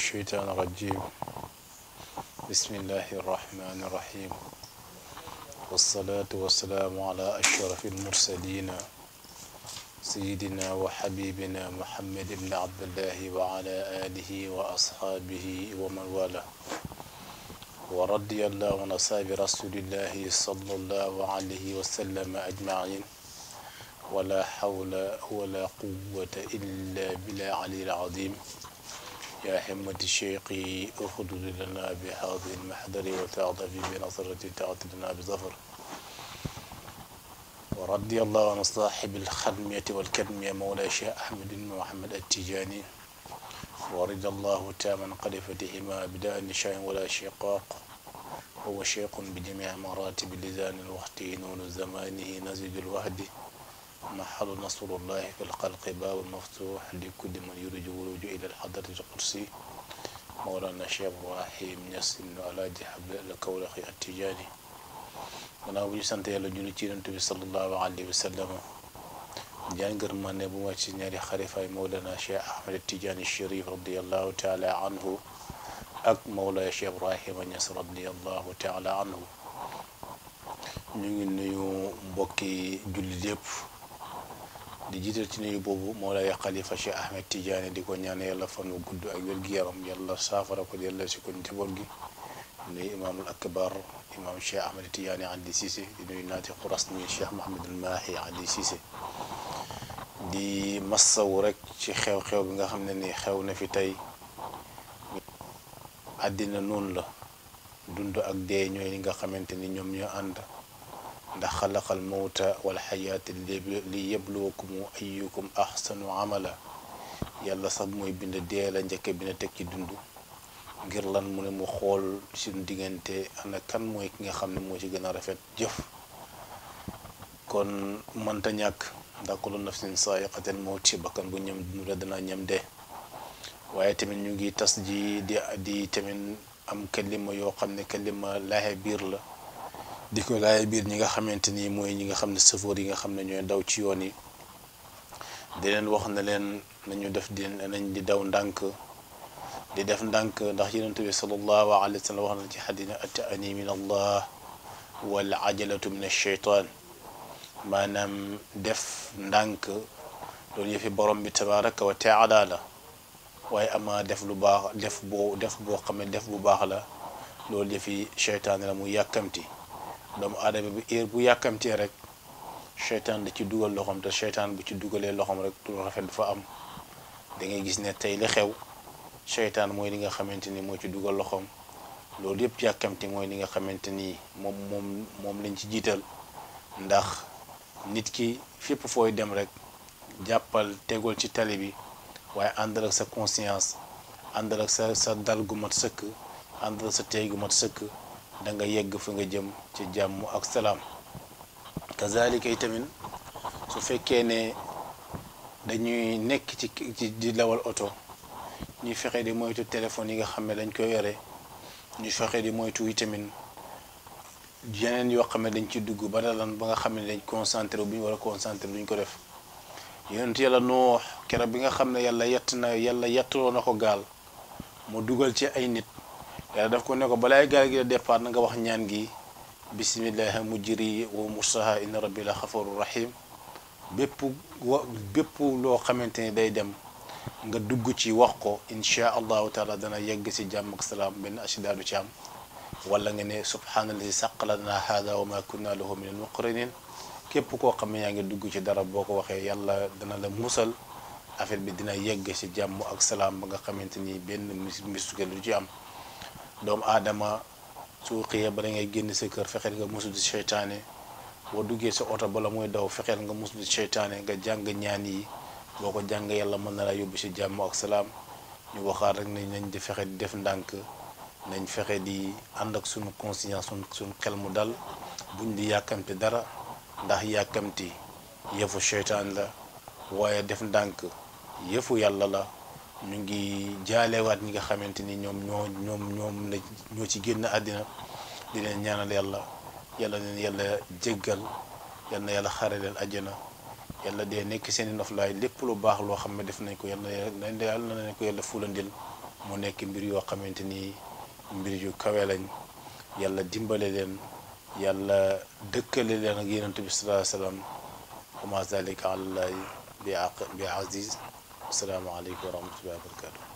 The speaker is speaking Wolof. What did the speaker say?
الشيطان الرجيم بسم الله الرحمن الرحيم والصلاة والسلام على أشرف المرسلين سيدنا وحبيبنا محمد بن عبد الله وعلى آله وأصحابه ومن والاه ورضي الله عن أصحاب رسول الله صلى الله عليه وسلم أجمعين ولا حول ولا قوة إلا بالله العلي العظيم يا همة الشيخ اخذل لنا بهذه المحضر وتعطفي بنصرة تعطلنا بظفر ورضي الله عن صاحب الخدمية والكدم يا مولاي شيخ أحمد بن محمد التجاني ورد الله تاما خليفتهما بلا نشاء ولا شقاق هو شيخ بجميع مراتب لزان الوقت نون زمانه نزج الوهد naxalu nasrullahi fil xalqi baabul maftuux li kulli man yuriju wuruju ila alxadratil qudsi mawlana cheikh ibrahim ñas ibnu alaaji xabla al kawlaxi attijaani gannaaw bu ñu sant yàlla julli ci yonent bi sallallahu alayhi wa sallam jaan ngër ma ne bu wàcc ci ñaari xalifaay mawlana cheikh ahmed attijaani sharif radiallahu taala anhu ak mawlana cheikh ibrahima ñas radiallahu taala anhu ñu ngi nuyu mbokki jullit yépp di jiital ci nuyu boobu Mawlaay Xalifa Cheikh Ahmed Tidiane di ko ñaan yàlla fan wu gudd ak wér yaram yàlla saafara ko yàlla si ko njaboot gi di nuyu imaamul akbar imaam Cheikh Ahmed Tidiane Ali Cissé di nuyu naatiqu rasmi Cheikh Mouhamed El Mahi Ali Cissé di massawu rek ci xew-xew bi nga xam ne ni xew na fi tey àddina noonu la dund ak dee ñooy li nga xamante ni ñoom ñoo ànd ndax xalaqal mawta wal xayaata li yabluwakum ayyukum ahsanu amala yàlla sax mooy bind dee la njëkk bi na teg ci dund ngir lan mu ne mu xool suñu diggante ana kan mooy ki nga xam ne moo ci gën a rafet jëf kon mënta ñàkk ndax kullu nafsin saa'iqatul mawt bakkan bu ñam dund la dana ñam dee waaye tamit ñu ngi tas ji di tamit am kalima yoo xam ne kalima laaxe biir la di ko laay biir ñi nga xamante ni mooy ñi nga xam ne sëfoor yi nga xam ne ñooy daw ci yoon yi di leen na ne leen nañu def di nañ di daw ndànk di def ndànk ndax yonent bi sallallahu alayhi wa sallam wax na ci xadis ne ataani min allah wal ajalatu min alcheytaan maanaam def ndànk loolu yëfi borom bi tabaraka wa taala la waaye ama def lu baax def boo def boo xam ne def bu baax la loolu yëfi cheytaan la mu yàkkamti doomu aadama bi heure bu yàkkamtee rek seytaan da ci dugal loxoom te seytaan bu ci dugalee loxoom rek lu rafet du fa am da ngay gis ne tey li xew seytaan mooy li nga xamante ni moo ci dugal loxoom loolu yëpp yàkkamti mooy li nga xamante ni moom moom moom lañ ci jiital ndax nit ki fépp fooy dem rek jàppal tegul ci tali bi waaye àndal ak sa conscience àndal ak sa sa dal gu mat sëkk àndal ak sa tey gu mat sëkk da nga yegg fa nga jëm ci jàmm ak salaam kazalika itamit su fekkee ne dañuy nekk ci di lawal oto ñuy fexe di moytu téléphone yi nga xam ne dañ koy yore ñu fexe di moytu itamit yeneen yoo xam ne dañ ci dugg ba dalan ba nga xam ne dañ concentre bu ñu war a concentré duñ ko def yonent yàlla noox keroog bi nga xam ne yàlla yett na yàlla yettloo na ko gaal mu dugal ci ay nit yàlla daf ko ne ko balaay gaal gi la départ na nga wax ñaan gi bisimilah mujjiri wa mursaha inna rabbi la xafaru rahim bépp wa bépp loo xamante ni day dem nga dugg ci wax ko inchaa allahu taala dana yegg si jàmm ak salaam benn asidaadu ci am wala nga ne subhaanallazi saqalanaa haada wa ma kunna lahu min almuqrinin képp koo xam ne yaa ngi dugg ci dara boo ko waxee yàlla dana la musal affaire bi dina yegg si jàmm ak salaam ba nga xamante ni benn mis misuke lu ci am doomu aadama su xëyee bala ngay génn sa kër fexeel nga musu di seytaane boo duggee sa oto bala muy daw fexeel nga musu di seytaane nga jàng ñaan yi boo ko jàng yàlla mën na la yóbbu si jàmm ak salaam ñu waxaat rek nañ di fexe di def ndànk nañ fexe di ànd ak suñu conscience suñ xel mu dal buñ di yàkkamti dara ndax yàkkamti yëfu seytaan la waaye def ndànk yëfu yàlla la ñu ngi jaalewaat ñi nga xamante ni ñoom ñoo ñoom ñoom la ñoo ci génn àddina di leen ñaanal yàlla yàlla leen yàlla jéggal yal yàlla xare leen àjjana yàlla dee nekk seen i noflaay lépp lu baax loo xam ne def nañ ko yàlla yàlla na leen ko yàlla fulandil mu nekk mbir yoo xamante ni mbir yu kawe lañ yàlla dimbale leen yàlla dëkkale leen ak yonent bi sallallahu alayhi wa sallam wa ma zalika alallahi bi aziz asalaamaaleykum wa rahmatullahi wa barakatu